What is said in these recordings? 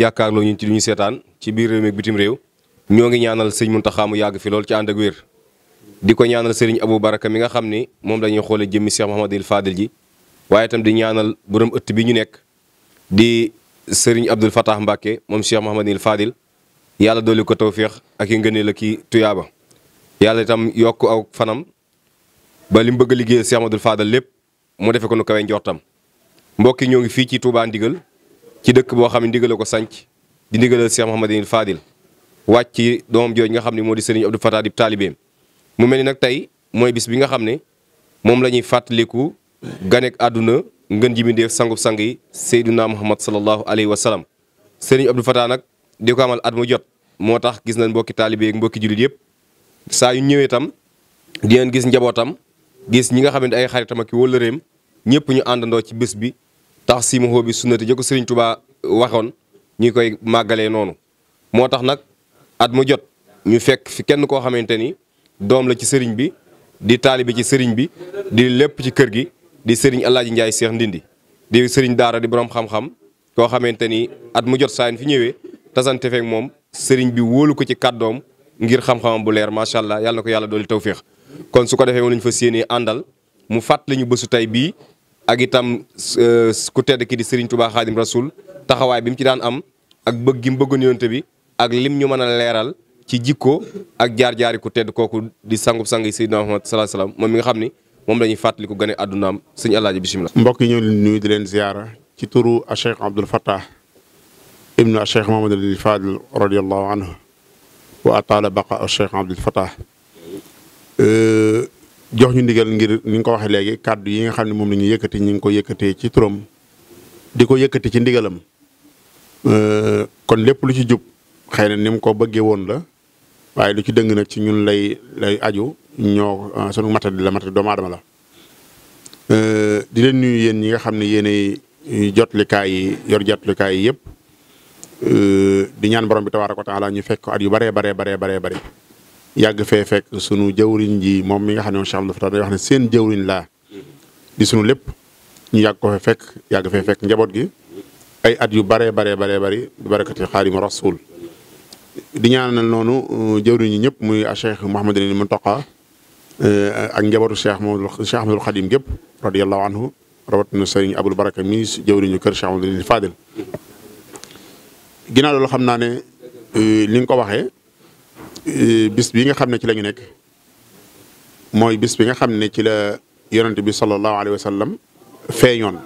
jàkkaarloo ñu ci duñu seetaan ci biir réew mi ak bitim réew ñoo ngi ñaanal sëñ Muntaxa mu yàgg fi lool ci ànd ak wér di ko ñaanal sëriñ Abou Baraka mi nga xam ni moom dañuy xoolee jëmmi Cheikh Mouhamadul Fadil ji waaye di ñaanal borom ëtt bi ñu nekk di sëriñ Abdoul Fatah Mbacke moom Cheikh Mouhamadul Fadil yàlla dolli ko tawféex ak yi ngëneel ak i tuyaaba yàlla itam yokk aw fanam ba li mu bëgg a liggéeyal Cheikh Mouhamadul lépp mu defee ko nu kawe njortam mbokk yi ñoo ngi fii ci Touba Ndigal ci dëkk boo xam ne ndigal ko sanc di ndigalal Cheikh Mouhamadou Fadil wàcc ci doomam jooju nga xam ne moo di Serigne Abdou Fatah di taalibeem mu mel ni nag tey mooy bis bi nga xam ne moom la ñuy fàttaliku ganek àdduna ngën ji mbindéef sangub sang yi Seydina Muhammad sallallahu alayhi wa sallam Serigne Abdou Fatah nag di ko amal at mu jot moo tax gis nañ mbokki taalibe mbokki jullit yëpp saa yu ñëwee tam dinañ gis njabootam gis ñi nga xam ne ay xaritam ak i ñëpp ñu àndandoo ci bés bi tax si ma bi sunnati jëkko Serigne Touba waxoon ñi koy màggalee noonu moo tax nag at mu jot ñu fekk fi kenn koo xamante ni doom la ci sëriñ bi di taalibe ci sëriñ bi di lépp ci kër gi di sëriñ Alaaji Njaay Seex Ndindi di sëriñ daara di borom xam-xam koo xamante ni at mu jot saa fi ñëwee tasante feek moom sëriñ bi wóolu ko ci kàddoom ngir xam-xamam bu leer macha allah yàlla na ko yàlla dooli tawféex kon su ko defee moom lañ fa séenee àndal mu fàttali tey bii ak itam euh, ku tedd ki di Serigne Touba Khadim Rasoul taxawaay bi mu ci daan am ak bëgg gi mu bëggoon bi ak lim ñu mën a leeral ci jikko ak jaar-jaari ku tedd kooku di sangub sang yi Seydina Muhammad sallallahu alayhi moom mi nga xam ni moom lañuy la ñuy fàttaliku gane àddunaam Serigne Alaaji bismillah mbokk yi ñëw leen nuyu di leen ziyaara ci turu a Cheikh Abdoul Fattah ibnu a Cheikh Mohamad Fadil radiyallahu anhu wa ataala baqa a Cheikh Abdoul Fattah euh, jox ñu ndigal ngir ni ngi ko waxee léegi kàddu yi nga xam ne moom la ñuy yëkkati ñu ngi ko yëkkatee ci turam di ko yëkkati ci ndigalam euh, kon lépp lu ci jub xëy na ni mu ko bëggee woon la waaye lu ci dëng nag ci ñun lay lay aju ñoo euh, sunu matadi la matadi doomu adama la euh, di leen nuyu yéen ñi nga xam ne yéenay jotlikaay yor jotlikaay yi yëpp di ñaan borom bi ko wa taala ñu fekk ko at yu baree baree baree baree yàgg fee fekk sunu jawriñ ji moom mi nga xam ne moom Cheikh Abdou Fatah day wax ne seen jawriñ laa di sunu lépp ñu yàgg ko fee fekk yàgg fee fekk njaboot gi ay at yu baree baree baree bari barakati xaadimu rasul di ñaanal noonu uh, jawriñ yi ñëpp muy Cheikh Mouhamadul Mountakha uh, ak njabootu Cheikh Mouhamadul Cheikh Ahmadul Xadim gépp radiyallahu anhu rawatina sëriñ Abul Baraka mi jawriñu kër Cheikh Mouhamadul Fadil ginnaaw loolu xam naa ne li uh, nga ko waxee. Eh, bis bi nga xam ne ci la nekk mooy bis bi nga xam ne ci la yonent bi sallallahu alayhi wa sallam feeñoon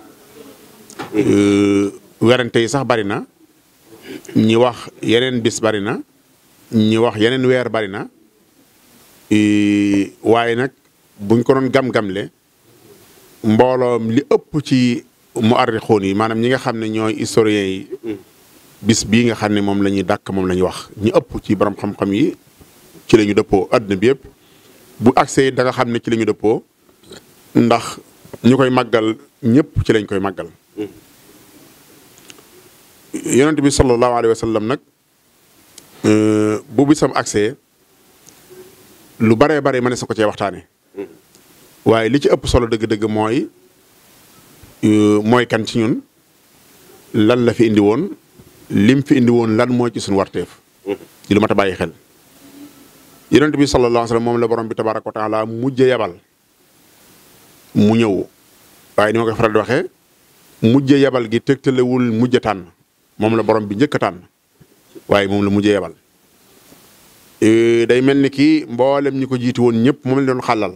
eh, werante yi sax bari na ñi wax yeneen bis bari na ñi wax yeneen weer bari na eh, waaye nag buñ ko doon gam-gamle mbooloom li ëpp ci muarrixuun yi maanaam ñi nga xam ne ñooy historiens yi bis bii nga xam ne moom la ñuy dàkk moom la ñuy wax ñu ëpp ci borom xam-xam yi ci lañu ñu dëppoo àdduna bi yëpp bu accès danga xam ne ci la ñu dëppoo ndax ñu koy màggal ñëpp ci lañ koy màggal. yonent bi sallallahu alayhi wa sallam nag euh, bu bisam accès lu baree bare ma ne sa ko cee waxtaane waaye li ci ëpp solo dëgg-dëgg mooy euh, mooy kan ci ñun lan la fi indi woon lim fi indi woon lan mooy ci suñu warteef. di lu mat a bàyyi xel. yonent bi sallallahu alayhi wa sallam moom la borom bi tabaaraka wa taala mujj yabal mu ñëw waaye ni ma koy faral di waxee mujj yabal gi tegtalewul mujj tànn moom la borom bi njëkk a waaye moom la mujj yabal. E, day mel ni kii mboolem ñi ko jiitu woon ñëpp moom la doon xàllal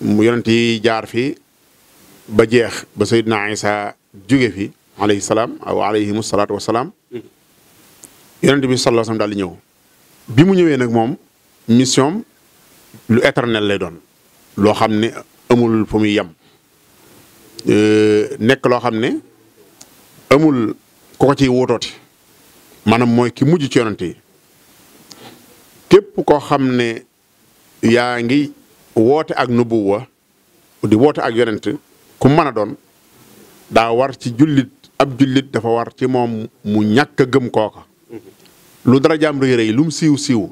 mu yonent yi jaar fi ba jeex ba Seydina Isa jóge fi alayhi salaam aw alayhimu salaatu wa salaam yonent bi sallallahu alayhi wa sallam daal di ñëw. bi mu ñëwee nag moom mission lu éternel lay doon loo xam ne amul fu muy yem euh, nekk loo xam ne amul ku ko ciy wóotooti maanaam mooy ki mujj ci yonante yi képp koo xam ne yaa ngi woote ak nu wa di woote ak yonent ku mën a doon daa war ci jullit ab jullit dafa war ci moom mu ñàkk a gëm kooka lu dara jaam rëy yi lu siiw siiw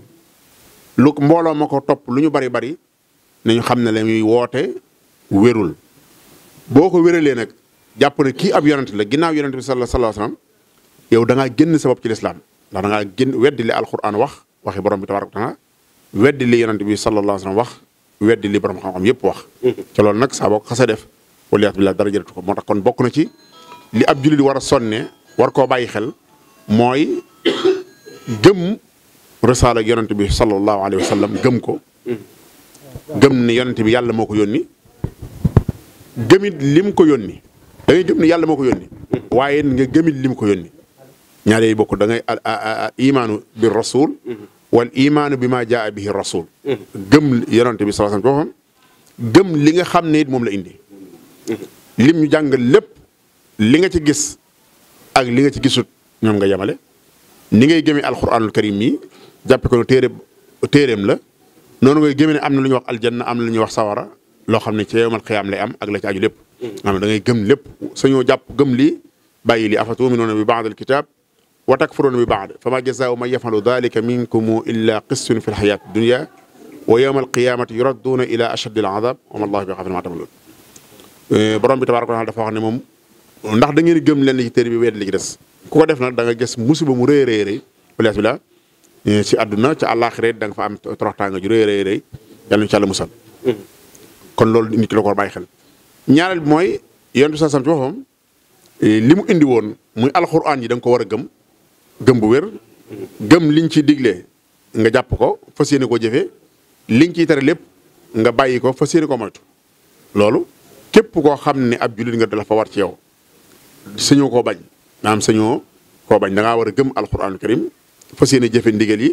lu mbooloo ma ko topp lu ñu bari bari nañu xam ne la ñuy woote wérul boo ko wéralee nag jàpp ne kii ab yonent la ginnaaw yonent bi sallallahu alayhi wasallam yow da génn sa bopp ci lislaam ndax da ngaa génn li alquran wax waxi borom bi a taala weddi li yonent bi sallallahu alayhi wax weddi li borom xam-xam yëpp wax. ca loolu nag saa boo ko xasee def wala billah dara jërëtu ko moo tax kon bokk na ci li ab jullit war a sonne war koo bàyyi xel mooy. gëm risaala ak bi sallallahu alayhi wa gëm ko. gëm ni yonent bi yàlla moo ko yónni gëmit lim ko yónni da ngay gëm ni yàlla moo ko yónni. waaye nga gëmit lim ko yónni. ñaare yi bokk dangay ngay imaanu bi rasul. wal imaanu bi ma jaa bihi rasul. gëm yonent bi sallallahu alayhi gëm li nga xam ne it moom la indi. lim ñu jàngal lépp li nga ci gis ak li nga ci gisut ñoom nga jamale ni ngay gëmee alxuraanul karim yi jàppe ko téere téereem la noonu ngay gëmee ne am na lu ñuy wax aljanna am na lu ñuy wax sawara loo xam ne ci yawmal xiyaam lay am ak la ci aju lépp. maanaam da ngay gëm lépp sañoo jàpp gëm lii bàyyi lii afatuminuuna bi ba'dal kitaab wa takfuruuna bi ba'd fa ma jazaa'u ma yaf'alu daalika minkum illaa xisyun fil hayaati dunya wa yawmal qiyaamati yuradduuna ilaa ashaddi al-'adaab wa maa allaahu bi ghaafilin 'ammaa ta'maluun eh, borom bi tabaaraka wa ta'aala dafa wax ne moom ndax da ngeen gëm leen ci téere bi wedd li ci des ku ko def nag da nga gis musiba mu rëy rëy rëy place bi la ci àdduna ci àllaaxira da nga fa am toroxtaanga ju rëy rëy rëy yàlla ñu ci àlla musal mm-hmm. kon loolu nit ki la ko bàyyi xel ñaareel bi mooy yonent bi sallallahu eh, li mu indi woon muy alxuraan yi danga ko war a gëm gëm bu wér mm-hmm. gëm liñ ci digle nga jàpp ko fas yéene koo jëfee liñ ciy tere lépp nga bàyyi ko fas yéene ko moytu loolu képp koo xam ne ab jullit nga dala fa war ci yow sañoo ko bañ maanaam sañoo koo bañ da ngaa war a gëm alquranul karim fas yéene jëfe ndigal yi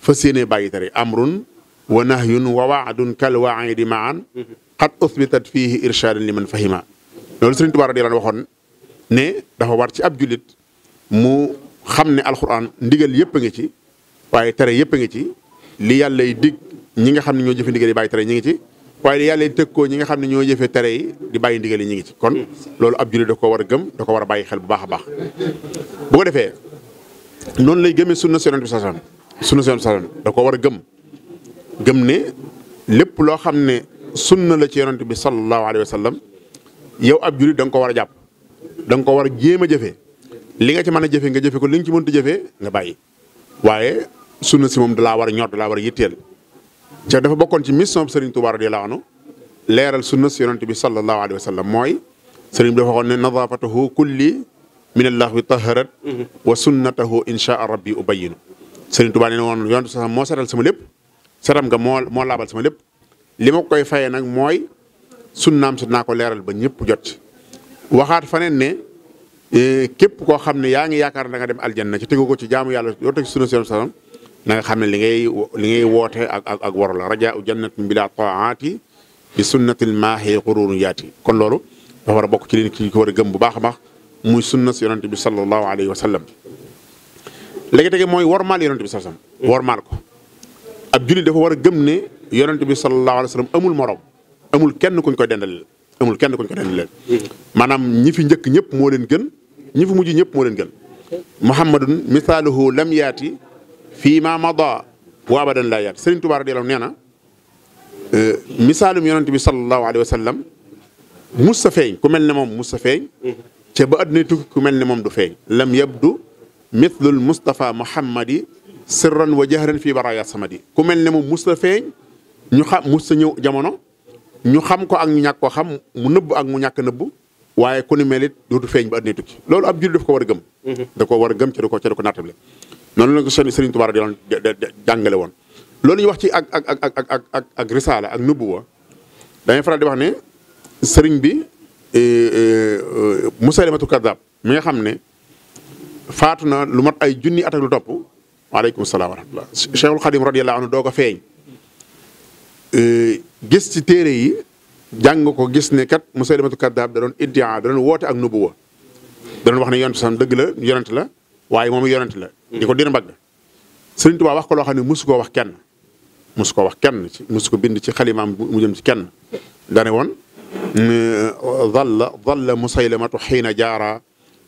fas yéene bàyyi tere amrun wa nahyun wa waadun kal waidi maan qad usbitat fihi irshaadan liman fahima loolu Sëriñ Tuubaa radiyallaahu waxoon ne dafa war ci ab jullit mu xam ne alquran ndigal yëpp a ngi ci waaye tere yëpp a ngi ci li yàllay dig ñi nga xam ne ñoo jëfe ndigal yi bàyyi tere ñi ngi ci waaye yàlla teg koo ñi nga xam ne ñoo jëfee tere di bàyyi ndigal yi ngi ci kon loolu ab jullit da ko war a gëm da ko war a bu baax a baax defee noonu lay gëmee sunna Yonent bi sallallahu alayhi wasallam sunna Yonent da ko war a gëm gëm ne lépp loo xam ne sunna la ci Yonent bi sallallahu alayhi wasallam yow ab jullit danga ko war a jàpp da ko war a jéem a jëfee li nga ci mën a jëfe nga jëfe ko li nga ci mënut a jëfee nga bàyyi waaye sunna si moom dalaa war a ñor dalaa war a yitteel ca dafa bokkoon ci mission bi Serigne Touba radiyallahu anhu leeral sunna si yonente bi sallallahu alayhi wa mooy Serigne bi dafa waxoon ne nadafatahu kulli min allahi taharat wa sunnatahu inchaa rabbi ubayinu Serigne Touba nee na woon moo setal sama lépp setam nga moo moo laabal sama lépp li ma koy fayee nag mooy sunnaam si naa ko leeral ba ñëpp jot waxaat faneen ne eh, képp koo xam ne yaa ngi yaakaar na nga dem aljanna ci tegu ko ci jaamu yàlla yoo teg sunna si yonente salaam na nga xam ne li ngay li ngay woote ak ak ak la raja u jannatin bila taati bi sunnatil maahi xururun yaati kon loolu dafa war bokk ci li ki ko a gëm bu baax a baax muy sunna si yonante bi sallallahu alayhi wa sallam léegi tege mooy wormaal yonante bi sallam wormaal ko ab jullit dafa war a gëm ne bi sallallahu alayhi wa sallam amul morom amul kenn kuñ koy dendaleel amul kenn kuñ koy dendaleel maanaam ñi fi njëkk ñëpp moo leen gën ñi fi mujj ñëpp moo leen gën muhammadun misaaluhu lam yaati fii ma mada wa abadan laa yaat Sëriñ Tuubaa radiyallaahu nee na euh, misaalum yonent bi sallallahu alayhi wa feeñ ku mel ne moom musta feeñ ca ku mel ne moom du feeñ lam yabdu mithlul Mustafa Muhammadi sirran wa jahran fii baraya samadi ku mel ne moom ñu xam musta ñëw jamono ñu xam ko ak ñu ñàkk xam mu nëbb ak mu ñàkk nëbb waaye ku ni mel it dootu feeñ ba adduna tukki loolu ab jullit daf ko war gëm mhm. da ko war gëm ca ko ca du noonu la ko Sëriñ Tuubaa radiyallaahu anhu jàngale woon loolu ñu wax ci ak ak ak ak nubuwa dañuy faral di wax ne sëriñ bi e, e, e, Musaylimatu Kaddaab mi xam ne faatu na lu mat ay junni at ak lu topp waaleykum salaam wa rahmatulah. Cheikhul Xadim radiyallaahu doo ko feeñ gis ci téere yi jàng ko gis ne kat Musaylimatu Kaddaab da doon iddia da doon woote ak nubuwa da wax ne yonent sam dëgg la yonent la waaye moom yonent la. di ko dir mbagg sëriñ Tuubaa wax ko loo xam ne mosu koo wax kenn mosu ko wax kenn ci mosu ko bind ci xalimaam mu jëm ci kenn dane woon dalla dalla musaylamatu xiina jaara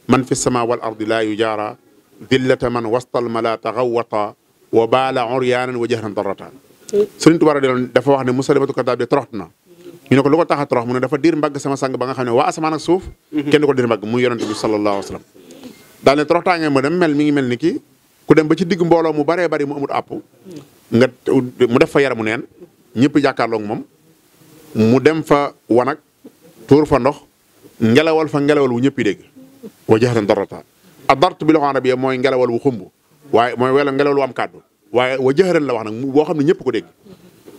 man fi sama wal ardi laa yu jaara dillata man wastal mala taxawata wa baala uryaanan wa jahran darrata sëriñ Tuubaa doon dafa wax ne musaylamatu kadaab de toroxt na ñu ne ko lu ko tax a torox mu ne dafa dir mbagg sama sang ba nga xam ne waa asamaan ak suuf kenn du ko dir mbagg muy yonente bi sallallahu alayhi wa sallam daal ne toroxtaange ma ku dem ba ci digg mbooloo mu baree bari mu amut àpp nga mu def fa yaramu neen ñëpp jàkkaarloog moom mu dem fa wanag tuur fa ndox ngelawal fa ngelawal wu ñëpp dégg wa jaxatan darata a dart bi mooy ngelawal wu xumb waaye mooy welo ngelawal wu am kàddu waaye wa jaxëran la wax nag boo xam ne ñëpp ko dégg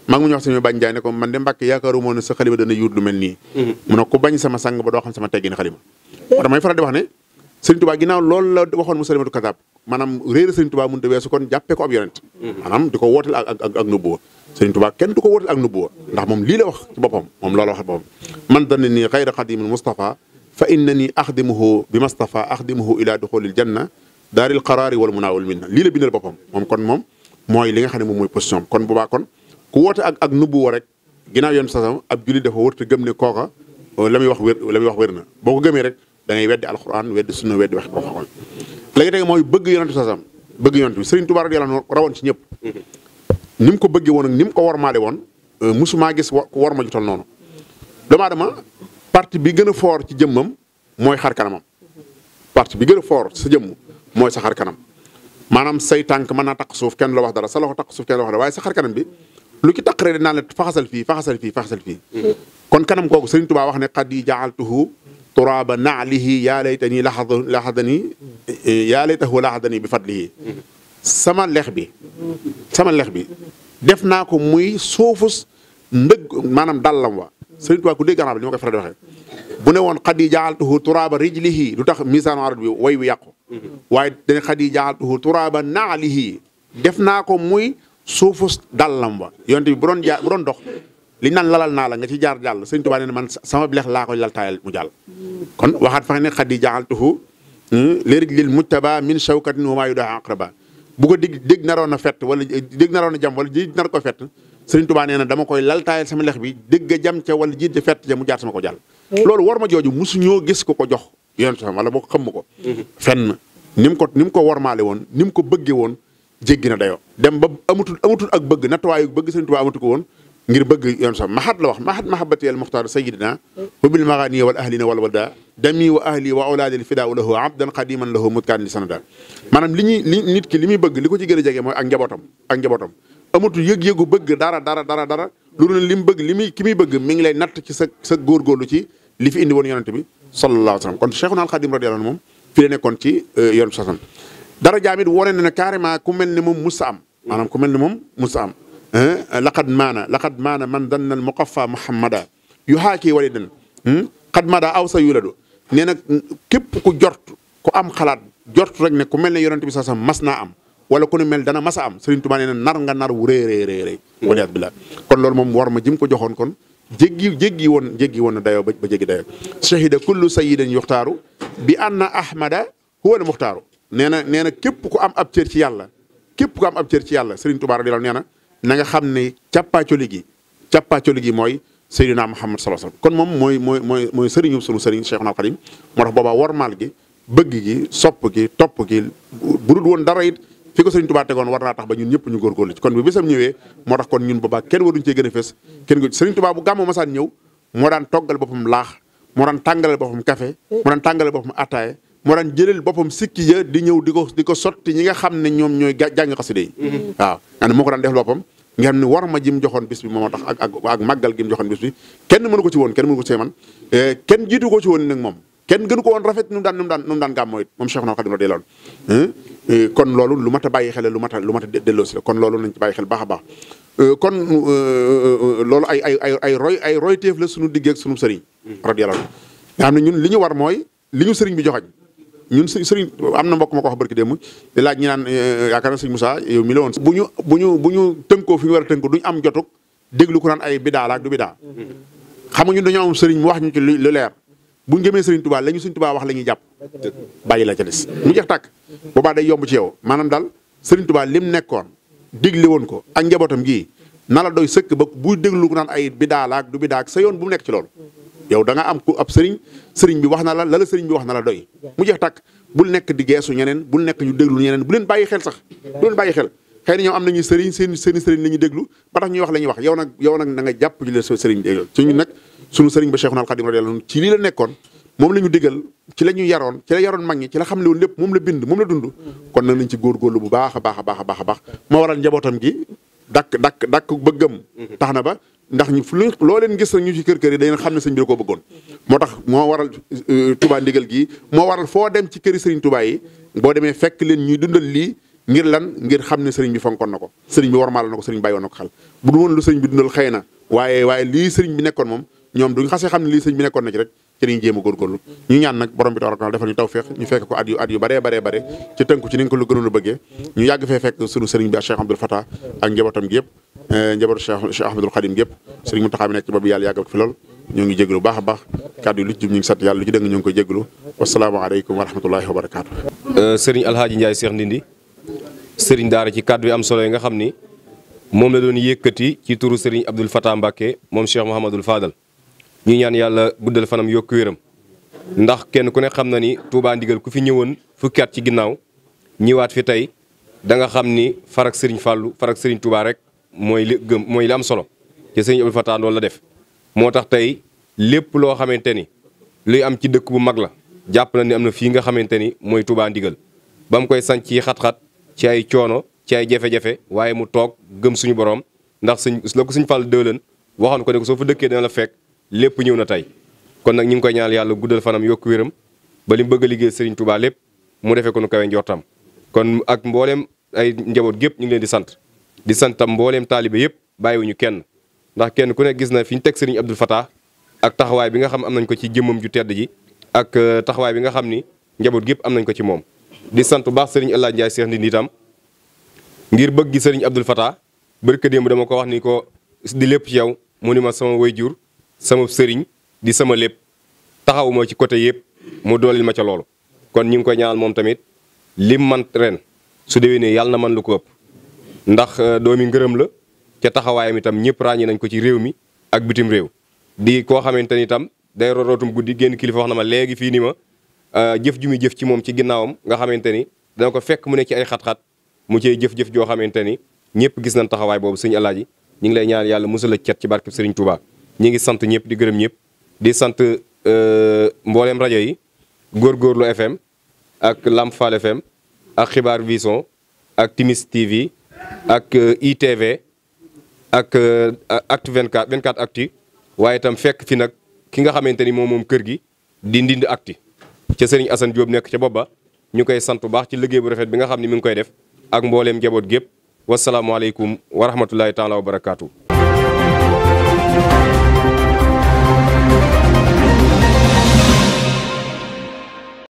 maa ngi mu ñu wax sama bañ jaay ne ko man de mbàkke yaakaaru moo ne sa xalima dana yuut lu mel nii mm-hmm. mu ne ko bañ sama sang ba doo xam sama teggin xalima damay faral di wax ne Sëriñ Tuubaa ginnaaw loolu la waxoon mu salimatu kasab maanaam réer Serigne Touba mënut a weesu kon jàppee ko ab yonent maanaam di ko wooteel ak ak ak nubuwa Serigne Touba kenn du ko wooteel ak nubuwa ndax moom lii la wax ci boppam moom loola wax ci boppam man dana ni xayra xadimul Mustafa fa innani axdimuhu bi Mustafa axdimuhu ila duxulil janna daaril qaraari wal munaawal minna lii la bindal boppam moom kon moom mooy li nga xam ne moom mooy position am kon boobaa kon ku woote ak ak nubuwa rek ginnaaw yoon sasam ab julli dafa wërta gëm ne kooka euh, la muy wax wér la muy wax wér na boo ko gëmee rek da ngay weddi alquran weddi sunna weddi wax ko léegi tey mooy bëgg yonent bi sasam bëgg yonent bi Serigne Touba radiyallahu anhu rawoon ci ñëpp mm-hmm. ni mu ko bëggee woon ak ni mu ko wormaale woon euh, musuma gis war ma ju tol noonu damaa dama parti bi gën a fort ci jëmmam mooy xar kanamam mm-hmm. parti bi gën a fort sa jëmm mooy sa xar kanam maanaam say tànk mën naa taq suuf kenn la wax dara sa loxo taq suuf kenn la wax dara waaye sa xar kanam bi lu ci taq rek dinaa la faxasal fii faxasal fii faxasal fii mm-hmm. kon kanam kooku Serigne Touba wax ne xad yi jaaltuhu turaaba naalihi yaa laytani laxada laxadani yaa laytahu laxadani bi fadlihi sama lex bi sama lex bi def naa ko muy suufus ndëgg maanaam dàllam wa Sëriñ Tuubaa ku dégg arab li ma koy faral di waxee bu ne woon xad yi jaaltuhu turaaba rijlihi lu tax misaan arab bi way wi yàqu waaye dane xad yi jaaltuhu turaaba naalihi def naa ko muy suufus dàllam wa yonte bi bu doon ja bu doon dox li ñu naan lalal naa la nga ci jaar jàll sëñ Tuubaa nee na man sama lex laa koy lal taayal mu jàll kon waxaat fa ne xaddi jaxaltuhu hmm, lérig lil mujtaba min shawkatin wa maa yudaa aqraba bu ko dig dégg naroon a fett wala dégg naroon a jam wala ji nar ko fett sëriñ Tuubaa nee na dama koy laltaayal sama lex bi dégg a wala jiit ja mu jaar sama ko jàll loolu war ma jooju musu ñoo gis ko ko jox yonent sam wala boo ko xam ko fenn ni mu ko ni mu wormaale woon ni mu ko bëggee woon jéggi na dayoo dem ba amatul amatul ak bëgg nattuwaayu bëgg sëriñ Tuubaa amatu ko woon ngir bëgg yoon sax maxat la wax maxat mahabati al sayidina wa bil maxaani wal ahlina wal wada dami wa ahli wa awlaadi al fidaa lahu abdan qadiman lahu mutkaan li sanada maanaam li ñuy nit ki li muy bëgg li ko ci gën a jege mooy ak njabootam ak njabootam amatu yëg-yëgu bëgg dara dara dara dara lu dul li mu bëgg li muy ki muy bëgg mi ngi lay natt ci sa sa lu ci li fi indi woon yonante bi sallallahu alayhi wa sallam kon cheikhuna na xadim radiyallahu anhu moom fi la nekkoon ci yoon sasan dara na ne ku mel ne moom musa am maanaam ku mel ne moom musa am laqad maana laqad maana man dan nal muqaffa muhammada yu haakii wali den xad mada aw sa yuladu nee na képp ku jort ku am xalaat jort rek ne ku mel ne yonent bi sax sax mas naa am wala ku nu mel dana mas a am Sëriñ Tuubaa nee na nar nga nar wu rëy re rëy rëy billah kon loolu moom war ma jëm ko joxoon kon jéggi jéggi woon jéggi woon na dayoo ba jéggi dayoo shahida kullu sayidin yuxtaaru bi anna ahmada huwa al muxtaaru nee na nee na képp ku am ab cër ci yàlla képp ku am ab cër ci yàlla Sëriñ Tuubaa radiyallaahu nee na nanga xam ne càppaacoli gi càppaacoli gi mooy Seydina Muhammad sallallahu alayhi wasallam kon moom mooy mooy mooy mooy sëriñu sunu sëriñ Cheikhul Khadim moo tax boobaa wormaal gi bëgg gi sopp gi topp gi bu dul woon dara it fi ko sëriñ Tuubaa tegoon war naa tax ba ñun ñëpp ñu góorgóorlu ci kon bi bésam ñëwee moo tax kon ñun boobaa kenn waruñ cee gën a fes kenn ko sëriñ Tuubaa bu gàmmu masaan ñëw moo daan toggal boppam laax moo daan tàngalal boppam café moo daan tàngalal boppam ataaya moo daan jëlal boppam sikki ja di ñëw di ko ko sotti ñi nga xam ne ñoom ñooy jàng xasida yi mm-hmm. waaw nga moo ko daan def boppam nga xam ne ma jim joxoon bis bi moo tax ak ak ak màggal gi mu joxoon bis bi kenn ko ci woon kenn mënu ko ci man eh, kenn ko ci woon moom kenn gënu ko woon rafet nu mu daan nu mu daan nu mu moom Cheikhouna Khadim radiyallahu anhu eh, eh, kon loolu lu mat a bàyyi xel lu mat a a delloo si la kon loolu nañ ci xel baax baax kon loolu ay ay ay ay roy ay royteef la suñu digg ak suñu sëriñ mm-hmm. radiyallahu anhu nga xam ne ñun li ñu war mooy li ñu sëriñ bi joxañ ñun sëriñ am na mbokk ma ko wax barki démb di laaj ñi naan eh, eh, yaakaar na sëñ Moussa yow mi la woon bu ñu bu ñu bu ñu tënkoo fi ñu war a tënko duñu am jotug déglu ko naan ay bidaa laak du bidaa xam nga ñun dañoo am sëriñ mu wax ñu ci lu leer buñ gëmee sëriñ Touba la ñu sëriñ Touba wax la ñuy jàpp bàyyi la ca des mu jeex tàkk boobaa day yomb ci yow maanaam daal sëriñ Touba lim nekkoon digle woon ko njabootam gii na la doy sëkk ba bu déglu ko naan ay bidaa laak du bidaa ak sa yoon bu mu nekk ci lool yow da nga am ku ab sëriñ sëriñ bi wax na la la la sëriñ bi wax na la doy mu jeex tàkk bul nekk di geesu ñeneen bul nekk ñu déglu ñeneen bu leen bàyyi xel sax bu leen bàyyi xel xëy na ñoom am nañuy sëriñ seen seen sëriñ la ñuy déglu ba tax ñuy wax la wax yow nag yow nag na nga jàpp ji la sëriñ déglu suñu nag suñu sëriñ ba Cheikhul Khadim radiyallahu ci lii la nekkoon moom la ñu digal ci la ñu yaroon ci la yaroon mag ñi ci la xam le lépp moom la bind moom la dund kon nag nañ ci góorgóorlu bu baax a na ba ndax ñu lu loo leen gis rek ñu ci kër kër yi dañu xam ne sëñ bi la ko moo tax moo waral euh, Touba ndigal moo waral foo dem ci këri sëriñ Touba yi boo demee fekk leen ñuy dundal lii ngir lan ngir xam ne sëriñ bi fonkoon na ko sëriñ bi warmaal na na ko xel bu dul woon lu sëriñ bi dundal xëy na waaye waaye lii sëriñ bi nekkoon moom ñoom duñ xasee xam ne lii sëriñ bi nekkoon na rek ci dañuy jéem a góorgóorlu ñu ñaan nag borom bi tabaaraka taala defal ñu tawfeex ñu fekk ko at yu at yu baree baree bare ci tënku ci ni ko lu gënoon a bëggee ñu yàgg fee fekk sunu sëriñ bi ak Cheikh Abdoul Fatah ak njabootam gi yëpp Eh, njabootu Cheikh Cheikh Ahmadul Xadim gépp sëriñ Muntaxa bi nekk ci boobu yàlla yàggal ko fi lool ñoo ngi jéglu baax a baax kàddu yi lu ci jub ñu ngi sant yàlla lu ci dëng ñoo ngi koy jéglu wasalaamaaleykum wa rahmatullahi wa barakaatu eh, sëriñ Alhaaji Ndiaye Ndindi sëriñ daara ci kàddu yi am solo yi nga xam ni moom la doon yëkkati ci turu sëriñ Abdoul Fatah Mbacke moom Cheikh Mouhamadul Fadal ñu ñaan yàlla guddal fanam yokk wéram ndax kenn ku ne xam na ni Touba Ndigal ku fi ñëwoon fukki at ci ginnaaw ñëwaat fi tey da xam ni farak sëriñ Fàllu farak sëriñ Touba rek mooy li gëm mooy li am solo te sëñ Abdou Fatah loolu la def moo tax tey lépp loo xamante ni luy am ci dëkk bu mag la jàpp na ni am na fii nga xamante ni mooy Touba Ndigal ba mu koy sanc ci xat-xat ci ay coono ci ay jafe-jafe waaye mu toog gëm suñu borom ndax suñ la ko suñ fàll dëwlën waxoon ko ne soo fa dëkkee dina la fekk lépp ñëw na tey kon nag ñu ngi koy ñaanal yàlla guddal fanam yokk wéram ba li bëgg liggéey Serigne Touba lépp mu defee ko nu kawe njortam kon ak mboolem ay njaboot gépp ñu ngi leen di sant di santam mbooleem taalibe yëpp bàyyiwuñu kenn ndax kenn ku ne gis na fi ñu teg sëriñ Abdou Fatah ak taxawaay bi nga xam am nañ ko ci jëmmam ju tedd ji ak euh, taxawaay bi nga xam ni njaboot gépp am nañ ko ci moom di sant bu baax sëriñ Alla Ndiaye Seex Ndindi tam ngir bëgg gi sëriñ Abdou Fatah barka démb dama ko wax ni ko di lépp ci yow mu ni ma sama wayjur sama sëriñ di sama lépp taxaw ci côté yëpp mu doolil ma ca loolu kon ñu ngi koy ñaanal moom tamit lim man ren su déwénee yàlla na man lu ko ndax euh, doomi ngërëm la ca taxawaayam itam ñëpp ràññi nañ ko ci réew mi ak bitim réew di koo xamante ni itam day rorootum guddi génn kilifa wax na ma léegi fii ni ma euh, jëf ju jëf ci moom ci ginnaawam nga xamante ni dana ko fekk mu ne ci ay xat-xat mu cey jëf-jëf joo xamante ni ñëpp gis nañ taxawaay boobu sëñ Alaaji ñi ngi lay ñaan yàlla musal la cet ci barkeb sëriñ Touba ñi ngi sant ñëpp di gërëm ñëpp di sant euh, mbooleem rajo yi góorgóorlu FM ak Lamp Fall Xibaar Vision ak Timis TV ak euh, ITV ak euh, Actu 24 24 Actu waaye tam fekk fi nag ki nga xamante ni moom moom kër gi di Ndindy Actu ca Serigne Assane Diop nekk ca booba ñu koy sant bu baax ci liggéey bu rafet bi nga xam ne mi ngi koy def ak mbooleem njaboot gépp wasalaamualeykum wa rahmatullahi taala wa barakaatu.